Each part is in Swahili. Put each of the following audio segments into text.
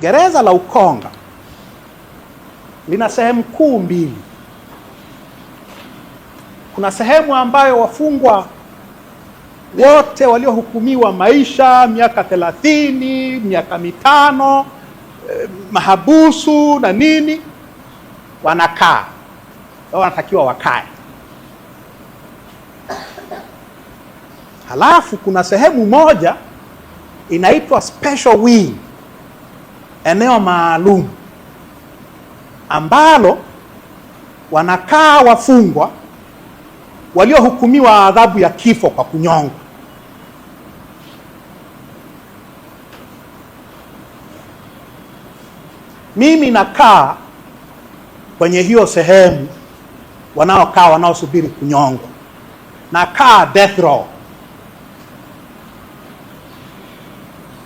Gereza la Ukonga lina sehemu kuu mbili. Kuna sehemu ambayo wafungwa wote waliohukumiwa maisha, miaka thelathini, miaka mitano, eh, mahabusu na nini, wanakaa au wanatakiwa wakae. Halafu kuna sehemu moja inaitwa special wing eneo maalum ambalo wanakaa wafungwa waliohukumiwa adhabu ya kifo kwa kunyongwa. Mimi nakaa kwenye hiyo sehemu wanaokaa wanaosubiri kunyongwa, nakaa death row,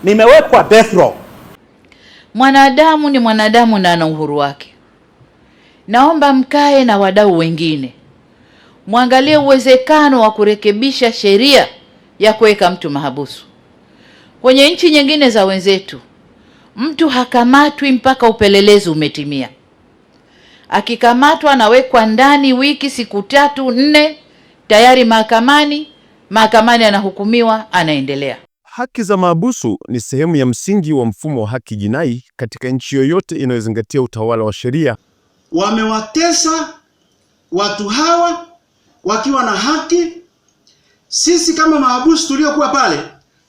nimewekwa death row. Mwanadamu ni mwanadamu na ana uhuru wake. Naomba mkae na wadau wengine, mwangalie uwezekano wa kurekebisha sheria ya kuweka mtu mahabusu. Kwenye nchi nyingine za wenzetu, mtu hakamatwi mpaka upelelezi umetimia. Akikamatwa anawekwa ndani wiki, siku tatu nne, tayari mahakamani. Mahakamani anahukumiwa, anaendelea. Haki za mahabusu ni sehemu ya msingi wa mfumo wa haki jinai katika nchi yoyote inayozingatia utawala wa sheria. Wamewatesa watu hawa wakiwa na haki. Sisi kama maabusu tuliokuwa pale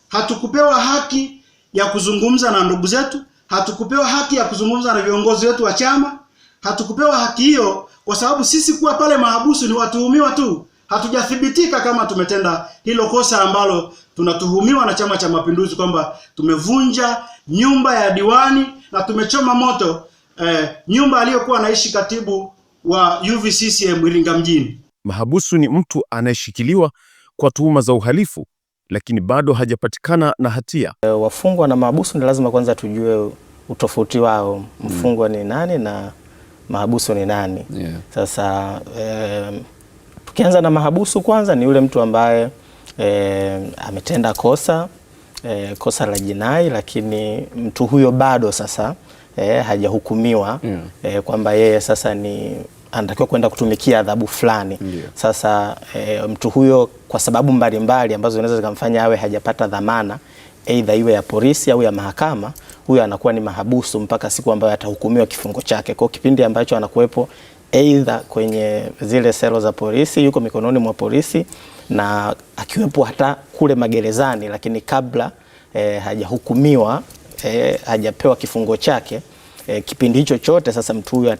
hatukupewa haki ya kuzungumza na ndugu zetu, hatukupewa haki ya kuzungumza na viongozi wetu wa chama, hatukupewa haki hiyo kwa sababu sisi kuwa pale maabusu ni watuhumiwa tu hatujathibitika kama tumetenda hilo kosa ambalo tunatuhumiwa na Chama cha Mapinduzi kwamba tumevunja nyumba ya diwani na tumechoma moto eh, nyumba aliyokuwa anaishi katibu wa UVCCM Iringa mjini. Mahabusu ni mtu anayeshikiliwa kwa tuhuma za uhalifu lakini bado hajapatikana na hatia. E, wafungwa na mahabusu ni lazima kwanza tujue utofauti wao, hmm. mfungwa mm. ni nani na mahabusu ni nani? Yeah. Sasa e, Tukianza na mahabusu, kwanza ni yule mtu ambaye e, ametenda kosa e, kosa la jinai, lakini mtu huyo bado sasa e, hajahukumiwa mm. e, kwamba yeye sasa ni anatakiwa kwenda kutumikia adhabu fulani yeah. Sasa e, mtu huyo kwa sababu mbalimbali mbali, ambazo zinaweza zikamfanya awe hajapata dhamana aidha iwe ya polisi au ya mahakama, huyo anakuwa ni mahabusu mpaka siku ambayo atahukumiwa kifungo chake. Kwa kipindi ambacho anakuwepo aidha kwenye zile selo za polisi, yuko mikononi mwa polisi na akiwepo hata kule magerezani, lakini kabla eh, hajahukumiwa eh, hajapewa kifungo chake eh, kipindi hicho chote sasa mtu huyu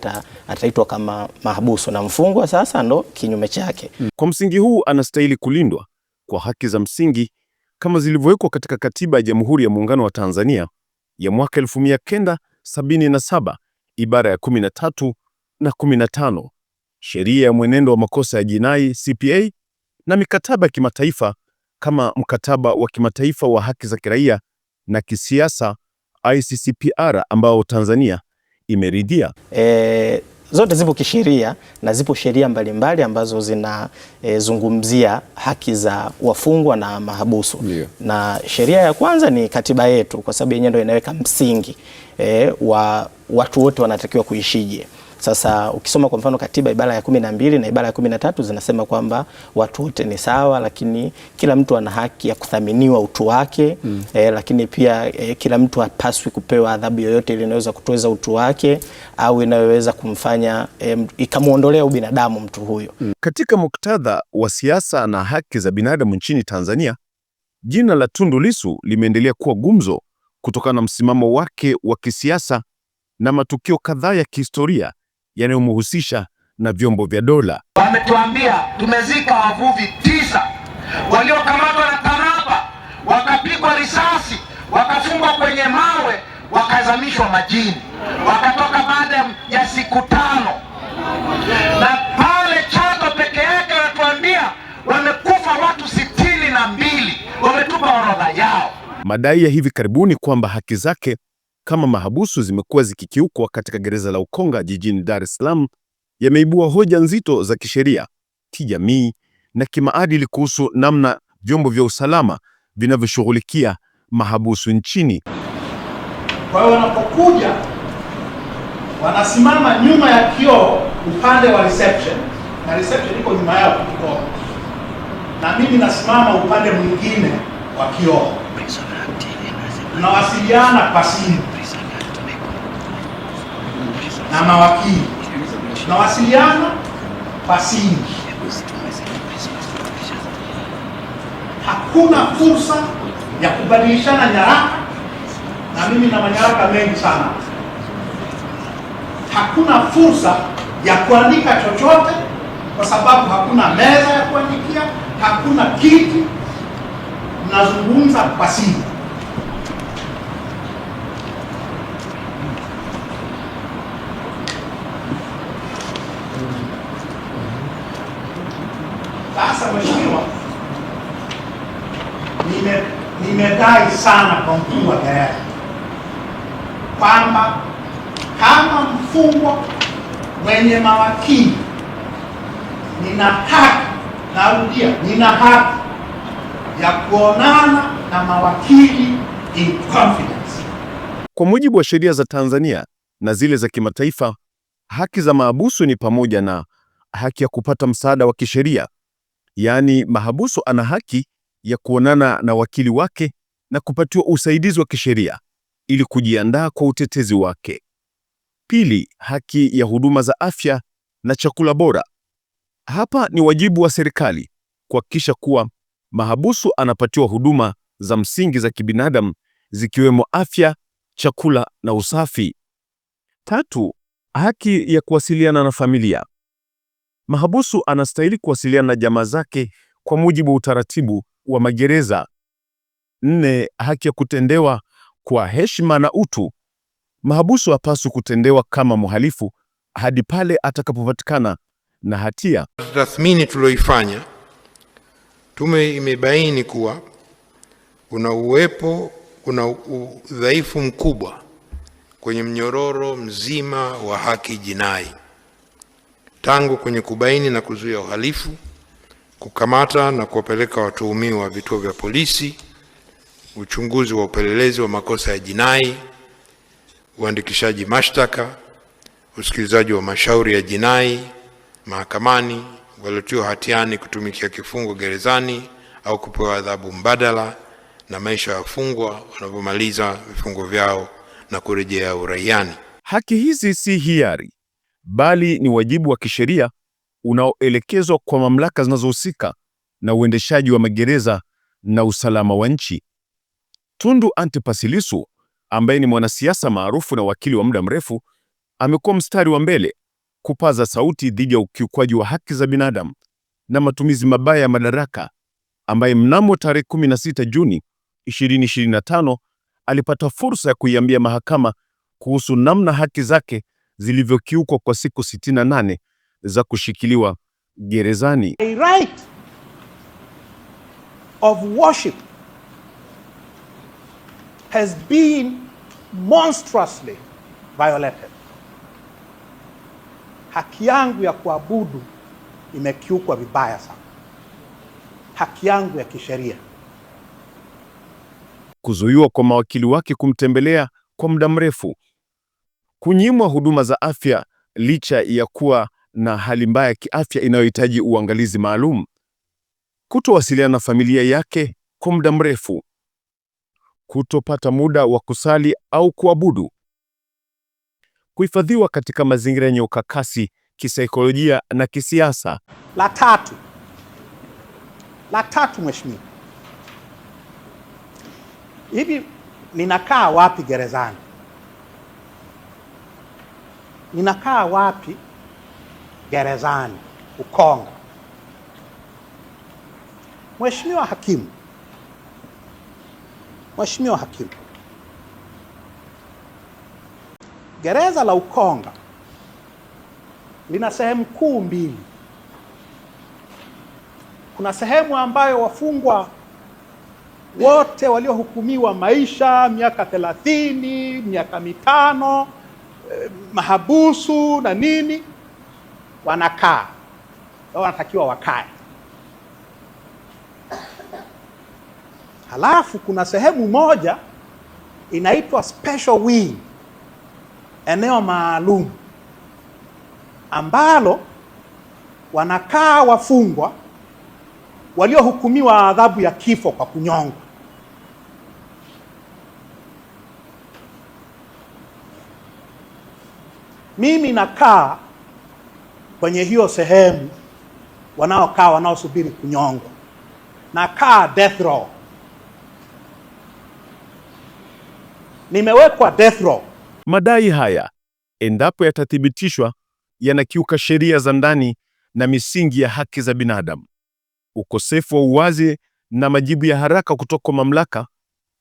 ataitwa kama mahabusu na mfungwa sasa ndo kinyume chake. Mm. Kwa msingi huu anastahili kulindwa kwa haki za msingi kama zilivyowekwa katika Katiba ya Jamhuri ya Muungano wa Tanzania ya mwaka 1977 ibara ya 13 na 15, sheria ya mwenendo wa makosa ya jinai CPA na mikataba ya kimataifa kama mkataba wa kimataifa wa haki za kiraia na kisiasa ICCPR ambao Tanzania imeridhia. E, zote zipo kisheria na zipo sheria mbalimbali ambazo zinazungumzia e, haki za wafungwa na mahabusu yeah. Na sheria ya kwanza ni katiba yetu, kwa sababu yenyewe ndio inaweka msingi e, wa watu wote wanatakiwa kuishije sasa ukisoma kwa mfano katiba ibara ya kumi na mbili na ibara ya kumi na tatu zinasema kwamba watu wote ni sawa, lakini kila mtu ana haki ya kuthaminiwa utu wake mm. Eh, lakini pia eh, kila mtu hapaswi kupewa adhabu yoyote ile inaweza kutoweza utu wake au inayoweza kumfanya eh, ikamwondolea ubinadamu mtu huyo mm. Katika muktadha wa siasa na haki za binadamu nchini Tanzania, jina la Tundu Lissu limeendelea kuwa gumzo kutokana na msimamo wake wa kisiasa na matukio kadhaa ya kihistoria yanayomhusisha na vyombo vya dola. Wametuambia tumezika wavuvi tisa waliokamatwa na TANAPA, wakapigwa risasi, wakafungwa kwenye mawe, wakazamishwa majini, wakatoka baada ya siku tano, na pale Chato peke yake wanatuambia wamekufa watu sitini na mbili. Wametupa orodha yao. Madai ya hivi karibuni kwamba haki zake kama mahabusu zimekuwa zikikiukwa katika gereza la Ukonga jijini Dar es Salaam yameibua hoja nzito za kisheria, kijamii na kimaadili kuhusu namna vyombo vya usalama vinavyoshughulikia mahabusu nchini. Kwa hiyo wanapokuja wanasimama nyuma ya kioo upande wa reception, na reception iko nyuma yao, na mimi nasimama upande mwingine wa kioo tunawasiliana kwa simu na mawakili, tunawasiliana kwa simu. Hakuna fursa ya kubadilishana nyaraka, na mimi na manyaraka mengi sana. Hakuna fursa ya kuandika chochote kwa sababu hakuna meza ya kuandikia, hakuna kiti, mnazungumza kwa simu. Ninatai sana kwa mkuu wa gereza kwamba kama mfungwa wenye mawakili, nina haki, narudia, nina haki ya kuonana na mawakili in confidence. Kwa mujibu wa sheria za Tanzania na zile za kimataifa, haki za mahabusu ni pamoja na haki ya kupata msaada wa kisheria, yaani mahabusu ana haki ya kuonana na wakili wake na kupatiwa usaidizi wa kisheria ili kujiandaa kwa utetezi wake. Pili, haki ya huduma za afya na chakula bora. Hapa ni wajibu wa serikali kuhakikisha kuwa mahabusu anapatiwa huduma za msingi za kibinadamu zikiwemo afya, chakula na usafi. Tatu, haki ya kuwasiliana na familia. Mahabusu anastahili kuwasiliana na jamaa zake kwa mujibu wa utaratibu wa magereza Nne, haki ya kutendewa kwa heshima na utu. Mahabusu hapaswi kutendewa kama mhalifu hadi pale atakapopatikana na hatia. Tathmini tuliyoifanya, tume imebaini kuwa kuna uwepo, kuna udhaifu mkubwa kwenye mnyororo mzima wa haki jinai, tangu kwenye kubaini na kuzuia uhalifu, kukamata na kuwapeleka watuhumiwa vituo vya polisi uchunguzi wa upelelezi wa makosa ya jinai, uandikishaji mashtaka, usikilizaji wa mashauri ya jinai mahakamani, waliotiwa hatiani kutumikia kifungo gerezani au kupewa adhabu mbadala na maisha ya wafungwa wanavyomaliza vifungo vyao na kurejea uraiani. Haki hizi si hiari, bali ni wajibu wa kisheria unaoelekezwa kwa mamlaka zinazohusika na uendeshaji wa magereza na usalama wa nchi. Tundu Antipas Lissu ambaye ni mwanasiasa maarufu na wakili wa muda mrefu amekuwa mstari wa mbele kupaza sauti dhidi ya ukiukwaji wa haki za binadamu na matumizi mabaya ya madaraka, ambaye mnamo tarehe 16 Juni 2025 alipata fursa ya kuiambia mahakama kuhusu namna haki zake zilivyokiukwa kwa siku 68 za kushikiliwa gerezani. A right of worship has been monstrously violated. Haki yangu ya kuabudu imekiukwa vibaya sana, haki yangu ya kisheria. Kuzuiwa kwa mawakili wake kumtembelea kwa muda mrefu, kunyimwa huduma za afya licha ya kuwa na hali mbaya ya kiafya inayohitaji uangalizi maalum, kutowasiliana na familia yake kwa muda mrefu kutopata muda wa kusali au kuabudu. Kuhifadhiwa katika mazingira yenye ukakasi kisaikolojia na kisiasa. La tatu, la tatu mheshimiwa, hivi ninakaa wapi gerezani? Ninakaa wapi gerezani Ukonga? Mheshimiwa hakimu Mheshimiwa Hakimu, gereza la Ukonga lina sehemu kuu mbili. Kuna sehemu ambayo wafungwa wote waliohukumiwa maisha, miaka thelathini, miaka mitano, eh, mahabusu na nini, wanakaa wanatakiwa wakae Halafu kuna sehemu moja inaitwa special wing, eneo maalum ambalo wanakaa wafungwa waliohukumiwa adhabu ya kifo kwa kunyongwa. Mimi nakaa kwenye hiyo sehemu wanaokaa wanaosubiri kunyongwa, nakaa death row. nimewekwa death row. Madai haya endapo yatathibitishwa, yanakiuka sheria za ndani na misingi ya haki za binadamu. Ukosefu wa uwazi na majibu ya haraka kutoka kwa mamlaka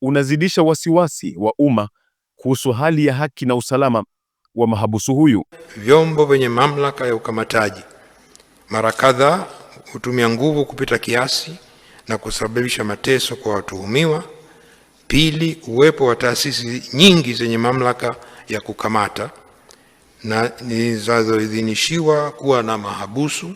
unazidisha wasiwasi wa umma kuhusu hali ya haki na usalama wa mahabusu huyu. Vyombo vyenye mamlaka ya ukamataji mara kadhaa hutumia nguvu kupita kiasi na kusababisha mateso kwa watuhumiwa. Pili, uwepo wa taasisi nyingi zenye mamlaka ya kukamata na zinazoidhinishiwa kuwa na mahabusu,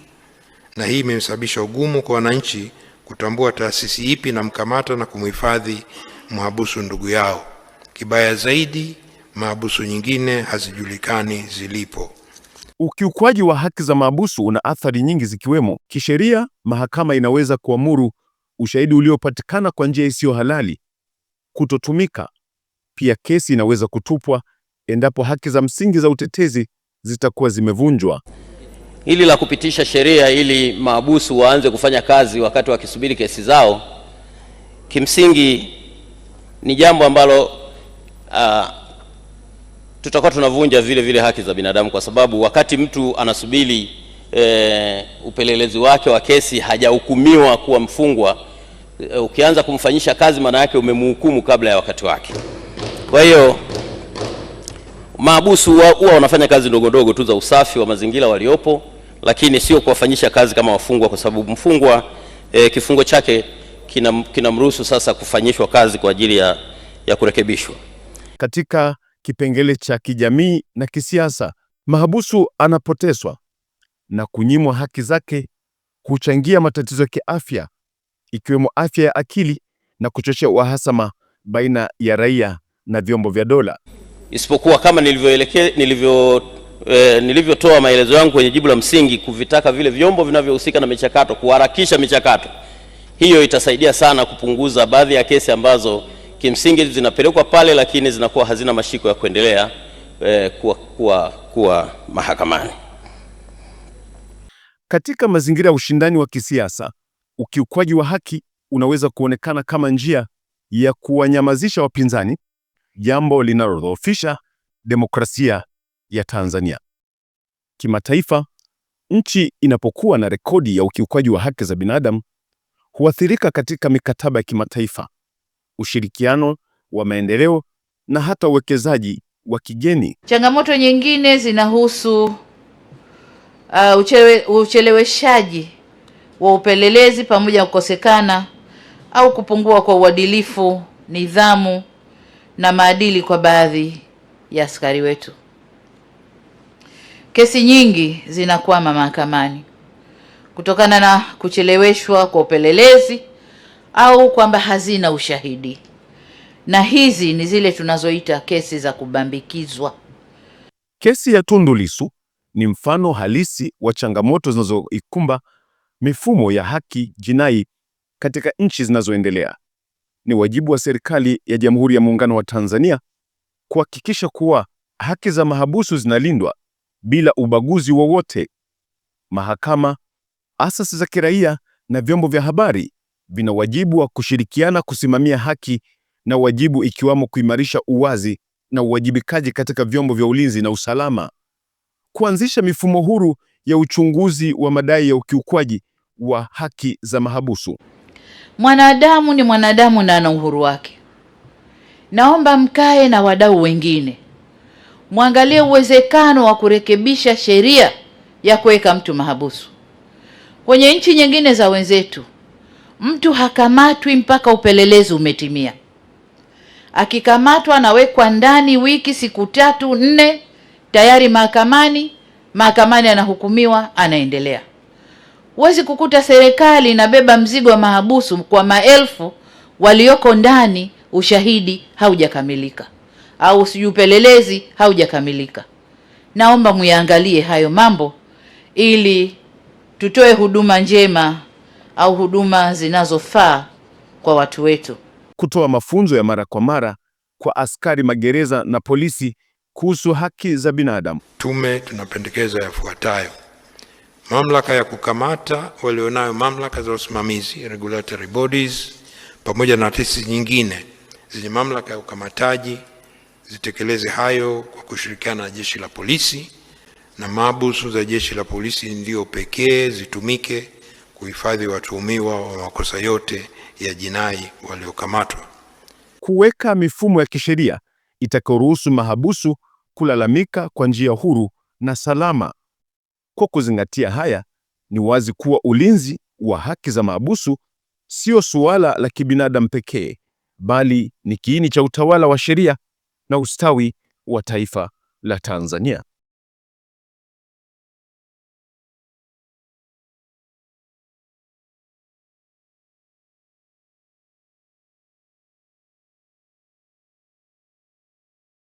na hii imesababisha ugumu kwa wananchi kutambua taasisi ipi na mkamata na kumhifadhi mhabusu ndugu yao. Kibaya zaidi, mahabusu nyingine hazijulikani zilipo. Ukiukwaji wa haki za mahabusu una athari nyingi zikiwemo kisheria. Mahakama inaweza kuamuru ushahidi uliopatikana kwa njia isiyo halali kutotumika. Pia kesi inaweza kutupwa endapo haki za msingi za utetezi zitakuwa zimevunjwa. Hili la kupitisha sheria ili maabusu waanze kufanya kazi wakati wakisubiri kesi zao, kimsingi ni jambo ambalo uh, tutakuwa tunavunja vile vile haki za binadamu, kwa sababu wakati mtu anasubiri eh, upelelezi wake wa kesi hajahukumiwa kuwa mfungwa Eh, ukianza kumfanyisha kazi, maana yake umemhukumu kabla ya wakati wake. Kwa hiyo mahabusu huwa wanafanya kazi ndogo ndogo tu za usafi wa mazingira waliopo, lakini sio kuwafanyisha kazi kama wafungwa, kwa sababu mfungwa e, kifungo chake kinamruhusu kina sasa kufanyishwa kazi kwa ajili ya, ya kurekebishwa. Katika kipengele cha kijamii na kisiasa, mahabusu anapoteswa na kunyimwa haki zake, kuchangia matatizo ya kiafya ikiwemo afya ya akili na kuchochea uhasama baina ya raia na vyombo vya dola, isipokuwa kama nilivyoelekea nilivyo E, nilivyotoa maelezo yangu kwenye jibu la msingi kuvitaka vile vyombo vinavyohusika na michakato kuharakisha michakato hiyo. Itasaidia sana kupunguza baadhi ya kesi ambazo kimsingi zinapelekwa pale, lakini zinakuwa hazina mashiko ya kuendelea e, kuwa, kuwa, kuwa mahakamani. Katika mazingira ya ushindani wa kisiasa ukiukwaji wa haki unaweza kuonekana kama njia ya kuwanyamazisha wapinzani, jambo linalodhoofisha demokrasia ya Tanzania. Kimataifa, nchi inapokuwa na rekodi ya ukiukwaji wa haki za binadamu huathirika katika mikataba ya kimataifa, ushirikiano wa maendeleo na hata uwekezaji wa kigeni. Changamoto nyingine zinahusu uh, ucheleweshaji wa upelelezi pamoja na kukosekana au kupungua kwa uadilifu, nidhamu na maadili kwa baadhi ya askari wetu. Kesi nyingi zinakwama mahakamani kutokana na kucheleweshwa kwa upelelezi au kwamba hazina ushahidi, na hizi ni zile tunazoita kesi za kubambikizwa. Kesi ya Tundu Lissu ni mfano halisi wa changamoto zinazoikumba mifumo ya haki jinai katika nchi zinazoendelea. Ni wajibu wa serikali ya Jamhuri ya Muungano wa Tanzania kuhakikisha kuwa haki za mahabusu zinalindwa bila ubaguzi wowote. Mahakama, asasi za kiraia na vyombo vya habari vina wajibu wa kushirikiana kusimamia haki na wajibu ikiwamo kuimarisha uwazi na uwajibikaji katika vyombo vya ulinzi na usalama, kuanzisha mifumo huru ya uchunguzi wa madai ya ukiukwaji wa haki za mahabusu. Mwanadamu ni mwanadamu na ana uhuru wake. Naomba mkae na wadau wengine, mwangalie uwezekano wa kurekebisha sheria ya kuweka mtu mahabusu. Kwenye nchi nyingine za wenzetu, mtu hakamatwi mpaka upelelezi umetimia. Akikamatwa anawekwa ndani wiki, siku tatu nne, tayari mahakamani mahakamani, anahukumiwa, anaendelea. Huwezi kukuta serikali inabeba mzigo wa mahabusu kwa maelfu walioko ndani, ushahidi haujakamilika au sijui upelelezi haujakamilika. Naomba muyaangalie hayo mambo ili tutoe huduma njema au huduma zinazofaa kwa watu wetu. Kutoa mafunzo ya mara kwa mara kwa askari magereza na polisi kuhusu haki za binadamu. Tume tunapendekeza yafuatayo: mamlaka ya kukamata walionayo mamlaka za usimamizi regulatory bodies, pamoja na taasisi nyingine zenye mamlaka ya ukamataji zitekeleze hayo kwa kushirikiana na jeshi la polisi, na mahabusu za jeshi la polisi ndio pekee zitumike kuhifadhi watuhumiwa wa makosa yote ya jinai waliokamatwa. Kuweka mifumo ya kisheria itakayoruhusu mahabusu kulalamika kwa njia huru na salama. Kwa kuzingatia haya, ni wazi kuwa ulinzi wa haki za mahabusu sio suala la kibinadamu pekee, bali ni kiini cha utawala wa sheria na ustawi wa taifa la Tanzania.